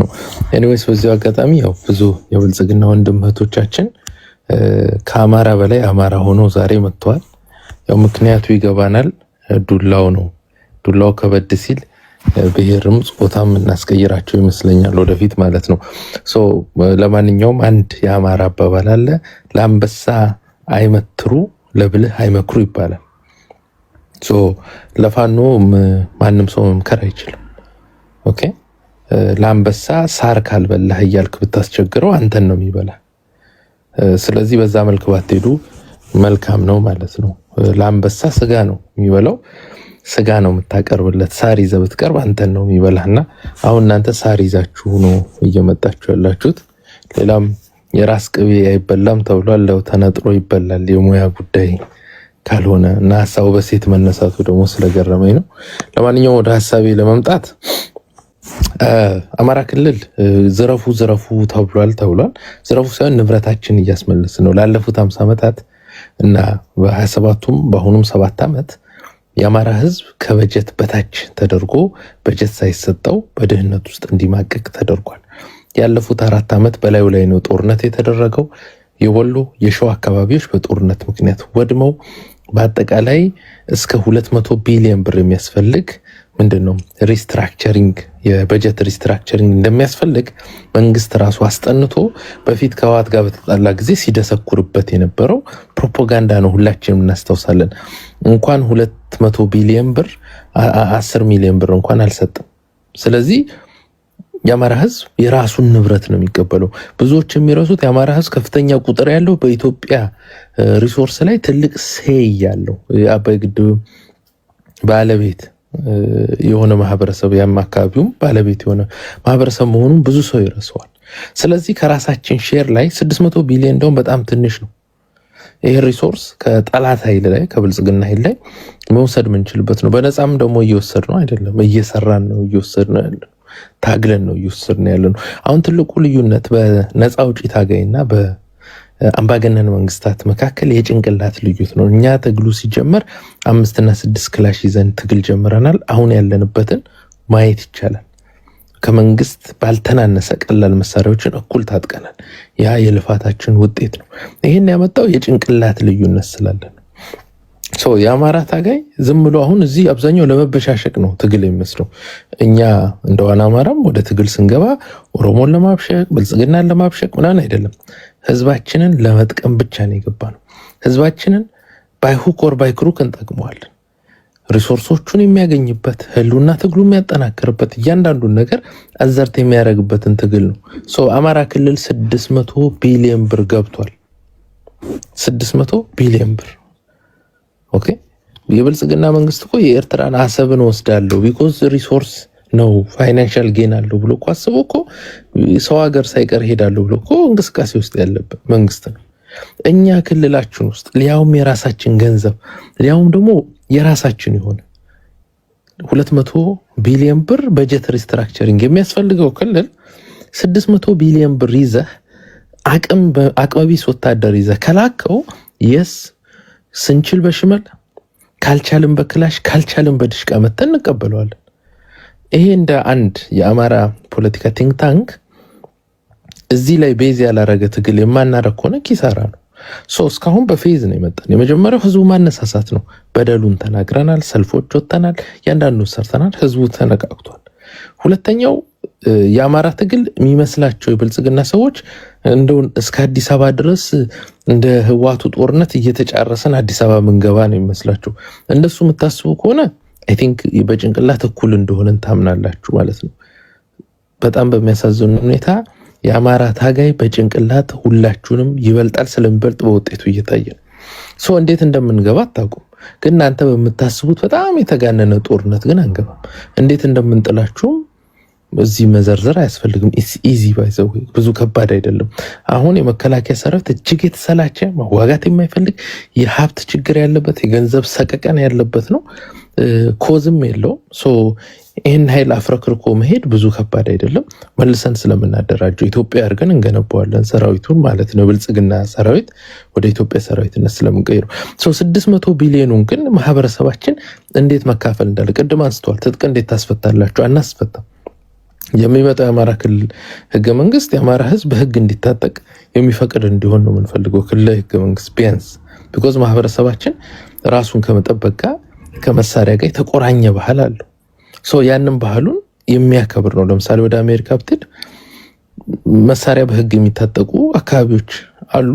ነው። ኤኒዌይስ በዚሁ አጋጣሚ ያው ብዙ የብልጽግና ወንድም እህቶቻችን ከአማራ በላይ አማራ ሆኖ ዛሬ መጥተዋል። ያው ምክንያቱ ይገባናል። ዱላው ነው። ዱላው ከበድ ሲል ብሔርም ጾታም እናስቀይራቸው ይመስለኛል ወደፊት ማለት ነው። ለማንኛውም አንድ የአማራ አባባል አለ፣ ለአንበሳ አይመትሩ ለብልህ አይመክሩ ይባላል። ለፋኖ ማንም ሰው መምከር አይችልም። ኦኬ ለአንበሳ ሳር ካልበላህ እያልክ ብታስቸግረው አንተን ነው የሚበላ። ስለዚህ በዛ መልክ ባትሄዱ መልካም ነው ማለት ነው። ለአንበሳ ስጋ ነው የሚበላው። ስጋ ነው የምታቀርብለት። ሳር ይዘህ ብትቀርብ አንተን ነው እና አሁን እናንተ ሳር ይዛችሁ ነው እየመጣችሁ ያላችሁት። ሌላም የራስ ቅቤ አይበላም ተብሏል። ለው ተነጥሮ ይበላል የሙያ ጉዳይ ካልሆነ እና ሀሳቡ በሴት መነሳቱ ደግሞ ስለገረመኝ ነው። ለማንኛውም ወደ ሀሳቤ ለመምጣት አማራ ክልል ዝረፉ ዝረፉ ተብሏል ተብሏል። ዝረፉ ሳይሆን ንብረታችን እያስመለስ ነው ላለፉት አምሳ ዓመታት እና በሀያ ሰባቱም በአሁኑም ሰባት ዓመት የአማራ ህዝብ ከበጀት በታች ተደርጎ በጀት ሳይሰጠው በድህነት ውስጥ እንዲማቀቅ ተደርጓል። ያለፉት አራት ዓመት በላዩ ላይ ነው ጦርነት የተደረገው። የወሎ የሸዋ አካባቢዎች በጦርነት ምክንያት ወድመው በአጠቃላይ እስከ ሁለት መቶ ቢሊዮን ብር የሚያስፈልግ ምንድን ነው ሪስትራክቸሪንግ የበጀት ሪስትራክቸሪንግ እንደሚያስፈልግ መንግስት ራሱ አስጠንቶ በፊት ከህወሓት ጋር በተጣላ ጊዜ ሲደሰኩርበት የነበረው ፕሮፓጋንዳ ነው። ሁላችንም እናስታውሳለን። እንኳን ሁለት መቶ ቢሊዮን ብር አስር ሚሊዮን ብር እንኳን አልሰጥም። ስለዚህ የአማራ ህዝብ የራሱን ንብረት ነው የሚቀበለው። ብዙዎች የሚረሱት የአማራ ህዝብ ከፍተኛ ቁጥር ያለው በኢትዮጵያ ሪሶርስ ላይ ትልቅ ሴይ ያለው የአባይ ግድብ ባለቤት የሆነ ማህበረሰብ ያም አካባቢውም ባለቤት የሆነ ማህበረሰብ መሆኑን ብዙ ሰው ይረሰዋል። ስለዚህ ከራሳችን ሼር ላይ 600 ቢሊዮን እንደውም በጣም ትንሽ ነው። ይህ ሪሶርስ ከጠላት ኃይል ላይ ከብልጽግና ኃይል ላይ መውሰድ የምንችልበት ነው። በነፃም ደግሞ እየወሰድ ነው አይደለም፣ እየሰራን ነው እየወሰድ ነው ያለ ታግለን ነው እየወሰድ ነው ያለ ነው። አሁን ትልቁ ልዩነት በነፃ ውጪ ታጋይና አምባገነን መንግስታት መካከል የጭንቅላት ልዩት ነው። እኛ ትግሉ ሲጀመር አምስትና ስድስት ክላሽ ይዘን ትግል ጀምረናል። አሁን ያለንበትን ማየት ይቻላል። ከመንግስት ባልተናነሰ ቀላል መሳሪያዎችን እኩል ታጥቀናል። ያ የልፋታችን ውጤት ነው። ይህን ያመጣው የጭንቅላት ልዩነት ስላለን ሰው የአማራ ታጋይ ዝም ብሎ አሁን እዚህ አብዛኛው ለመበሻሸቅ ነው ትግል የሚመስለው። እኛ እንደዋን አማራም ወደ ትግል ስንገባ ኦሮሞን ለማብሸቅ ብልጽግናን ለማብሸቅ ምናምን አይደለም። ህዝባችንን ለመጥቀም ብቻ ነው የገባ ነው። ህዝባችንን ባይሁክ ወር ባይክሩክ እንጠቅመዋለን። ሪሶርሶቹን የሚያገኝበት ህሉና ትግሉ የሚያጠናክርበት እያንዳንዱን ነገር አዘርት የሚያደርግበትን ትግል ነው። አማራ ክልል ስድስት መቶ ቢሊዮን ብር ገብቷል። ስድስት መቶ ቢሊዮን ብር ኦኬ። የብልጽግና መንግስት እኮ የኤርትራን አሰብን ወስዳለሁ ቢኮዝ ሪሶርስ ነው ፋይናንሻል ጌን አለው ብሎ እኮ አስቦ እኮ ሰው ሀገር ሳይቀር ሄዳለሁ ብሎ እኮ እንቅስቃሴ ውስጥ ያለበት መንግስት ነው። እኛ ክልላችን ውስጥ ሊያውም የራሳችን ገንዘብ ሊያውም ደግሞ የራሳችን የሆነ ሁለት መቶ ቢሊዮን ብር በጀት ሪስትራክቸሪንግ የሚያስፈልገው ክልል ስድስት መቶ ቢሊዮን ብር ይዘህ አቅመቢስ ወታደር ይዘህ ከላከው የስ ስንችል በሽመል ካልቻልን በክላሽ ካልቻልን በድሽቃ መተን እንቀበለዋለን። ይሄ እንደ አንድ የአማራ ፖለቲካ ቲንክ ታንክ እዚህ ላይ ቤዝ ያላረገ ትግል የማናረግ ከሆነ ኪሳራ ነው። እስካሁን በፌዝ ነው የመጣን። የመጀመሪያው ህዝቡ ማነሳሳት ነው። በደሉን ተናግረናል፣ ሰልፎች ወጥተናል፣ ያንዳንዱ ሰርተናል። ህዝቡ ተነቃቅቷል። ሁለተኛው የአማራ ትግል የሚመስላቸው የብልጽግና ሰዎች እንደውን እስከ አዲስ አበባ ድረስ እንደ ህዋቱ ጦርነት እየተጫረሰን አዲስ አበባ ምንገባ ነው የሚመስላቸው። እንደሱ የምታስቡ ከሆነ አይ ቲንክ በጭንቅላት እኩል እንደሆነን ታምናላችሁ ማለት ነው። በጣም በሚያሳዝን ሁኔታ የአማራ ታጋይ በጭንቅላት ሁላችሁንም ይበልጣል። ስለሚበልጥ በውጤቱ እየታየ ነው። ሰው እንዴት እንደምንገባ አታውቁም። ግን እናንተ በምታስቡት በጣም የተጋነነ ጦርነት ግን አንገባም። እንዴት እንደምንጥላችሁም እዚህ መዘርዘር አያስፈልግም። ኢትስ ኢዚ ባይዘው ብዙ ከባድ አይደለም። አሁን የመከላከያ ሰራዊት እጅግ የተሰላቸ መዋጋት የማይፈልግ የሀብት ችግር ያለበት የገንዘብ ሰቀቀን ያለበት ነው። ኮዝም የለው ይህን ኃይል አፍረክርኮ መሄድ ብዙ ከባድ አይደለም። መልሰን ስለምናደራጀው ኢትዮጵያ አድርገን እንገነባዋለን ሰራዊቱን ማለት ነው። ብልጽግና ሰራዊት ወደ ኢትዮጵያ ሰራዊትነት ስለምንቀይሩ ስድስት መቶ ቢሊዮኑን ግን ማህበረሰባችን እንዴት መካፈል እንዳለ ቅድም አንስተዋል። ትጥቅ እንዴት ታስፈታላችሁ? አናስፈታም። የሚመጣው የአማራ ክልል ህገ መንግስት የአማራ ህዝብ ህግ እንዲታጠቅ የሚፈቅድ እንዲሆን ነው የምንፈልገው ክልላዊ ህገ መንግስት ቢያንስ ቢኮዝ ማህበረሰባችን ራሱን ከመጠበቅ ጋር ከመሳሪያ ጋር የተቆራኘ ባህል አለው። ያንን ባህሉን የሚያከብር ነው። ለምሳሌ ወደ አሜሪካ ብትሄድ መሳሪያ በህግ የሚታጠቁ አካባቢዎች አሉ።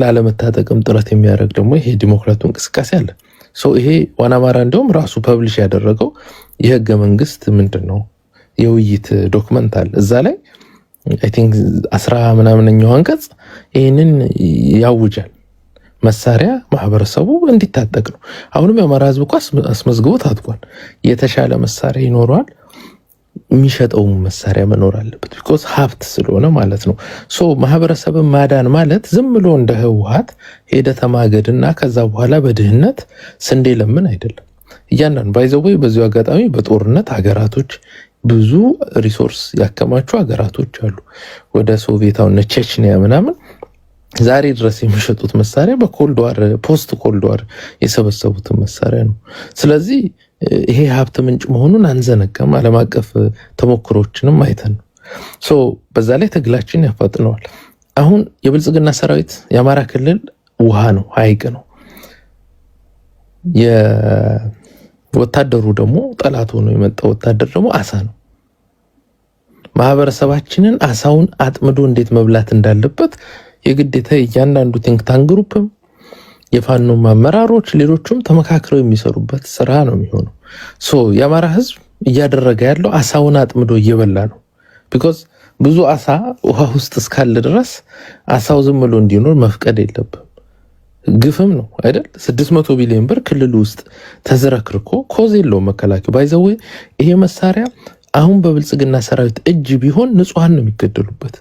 ላለመታጠቅም ጥረት የሚያደርግ ደግሞ ይሄ ዲሞክራቱ እንቅስቃሴ አለ። ይሄ ዋና አማራ እንዲሁም ራሱ ፐብሊሽ ያደረገው የህገ መንግስት ምንድን ነው የውይይት ዶክመንት አለ እዛ ላይ አይ ቲንክ አስራ ምናምነኛው አንቀጽ ይህንን ያውጃል። መሳሪያ ማህበረሰቡ እንዲታጠቅ ነው። አሁንም የአማራ ህዝብ እኮ አስመዝግቦ ታጥቋል። የተሻለ መሳሪያ ይኖረዋል። የሚሸጠውም መሳሪያ መኖር አለበት። ቢኮዝ ሀብት ስለሆነ ማለት ነው። ሶ ማህበረሰብን ማዳን ማለት ዝም ብሎ እንደ ህወሀት ሄደ ተማገድና ከዛ በኋላ በድህነት ስንዴ ለምን አይደለም። እያንዳንዱ ባይዘወይ በዚሁ አጋጣሚ በጦርነት ሀገራቶች ብዙ ሪሶርስ ያከማቹ ሀገራቶች አሉ። ወደ ሶቪየታውነ ቼችኒያ ምናምን ዛሬ ድረስ የሚሸጡት መሳሪያ በኮልድዋር ፖስት ኮልድዋር የሰበሰቡትን መሳሪያ ነው። ስለዚህ ይሄ ሀብት ምንጭ መሆኑን አንዘነጋም። ዓለም አቀፍ ተሞክሮችንም አይተን ነው። በዛ ላይ ትግላችን ያፋጥነዋል። አሁን የብልጽግና ሰራዊት የአማራ ክልል ውሃ ነው፣ ሀይቅ ነው። ወታደሩ ደግሞ ጠላት ሆኖ የመጣው ወታደር ደግሞ አሳ ነው። ማህበረሰባችንን አሳውን አጥምዶ እንዴት መብላት እንዳለበት የግዴታ እያንዳንዱ ቲንክታንክ ግሩፕም የፋኖ አመራሮች ሌሎቹም ተመካክለው የሚሰሩበት ስራ ነው የሚሆነው። ሶ የአማራ ህዝብ እያደረገ ያለው አሳውን አጥምዶ እየበላ ነው። ቢኮዝ ብዙ አሳ ውሃ ውስጥ እስካለ ድረስ አሳው ዝም ብሎ እንዲኖር መፍቀድ የለብም። ግፍም ነው አይደል? መቶ ቢሊዮን ብር ክልል ውስጥ ተዝረክርኮ ኮዝ የለውም መከላከያ ባይዘዌ ይሄ መሳሪያ አሁን በብልጽግና ሰራዊት እጅ ቢሆን ንጹሐን ነው የሚገደሉበት።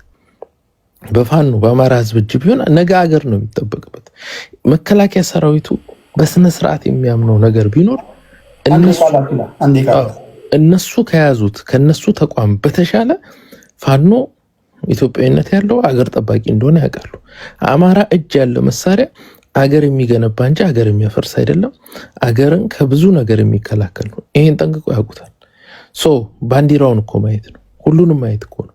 በፋኖ በአማራ ህዝብ እጅ ቢሆን ነገ ሀገር ነው የሚጠበቅበት። መከላከያ ሰራዊቱ በስነ ስርዓት የሚያምነው ነገር ቢኖር እነሱ ከያዙት ከነሱ ተቋም በተሻለ ፋኖ ኢትዮጵያዊነት ያለው አገር ጠባቂ እንደሆነ ያውቃሉ። አማራ እጅ ያለ መሳሪያ አገር የሚገነባ እንጂ አገር የሚያፈርስ አይደለም። አገርን ከብዙ ነገር የሚከላከል ነው። ይሄን ጠንቅቆ ያውቁታል። ሶ ባንዲራውን እኮ ማየት ነው፣ ሁሉንም ማየት እኮ ነው።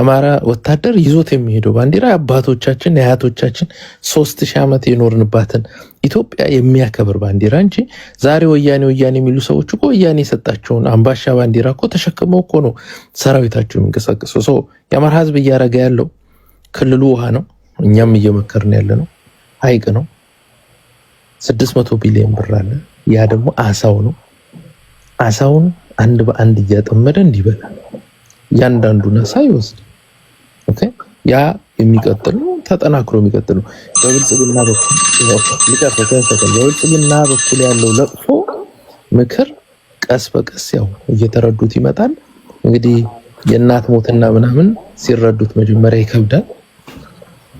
አማራ ወታደር ይዞት የሚሄደው ባንዲራ የአባቶቻችን የአያቶቻችን ሶስት ሺህ ዓመት የኖርንባትን ኢትዮጵያ የሚያከብር ባንዲራ እንጂ ዛሬ ወያኔ ወያኔ የሚሉ ሰዎች እኮ ወያኔ የሰጣቸውን አምባሻ ባንዲራ እኮ ተሸክመው እኮ ነው ሰራዊታቸው የሚንቀሳቀሱ። ሰው የአማራ ህዝብ እያረገ ያለው ክልሉ ውሃ ነው፣ እኛም እየመከርን ያለ ነው። ሀይቅ ነው፣ ስድስት መቶ ቢሊዮን ብር አለ። ያ ደግሞ አሳው ነው። አሳውን አንድ በአንድ እያጠመደ እንዲበላ እያንዳንዱን ሀሳብ ይወስድ። ኦኬ ያ የሚቀጥል ነው ተጠናክሮ የሚቀጥል ነው። በብልጽግና በኩል በብልጽግና በኩል ያለው ለቅሶ ምክር ቀስ በቀስ ያው እየተረዱት ይመጣል። እንግዲህ የእናት ሞትና ምናምን ሲረዱት መጀመሪያ ይከብዳል።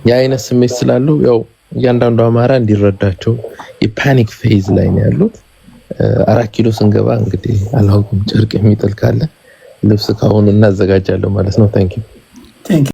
የአይነት ስሜት ስላለው ያው እያንዳንዱ አማራ እንዲረዳቸው የፓኒክ ፌዝ ላይ ነው ያሉት። አራት ኪሎ ስንገባ እንግዲህ አላውቅም ጨርቅ የሚጥል ካለ ልብስ ከአሁኑ እናዘጋጃለሁ ማለት ነው። ታንኪዩ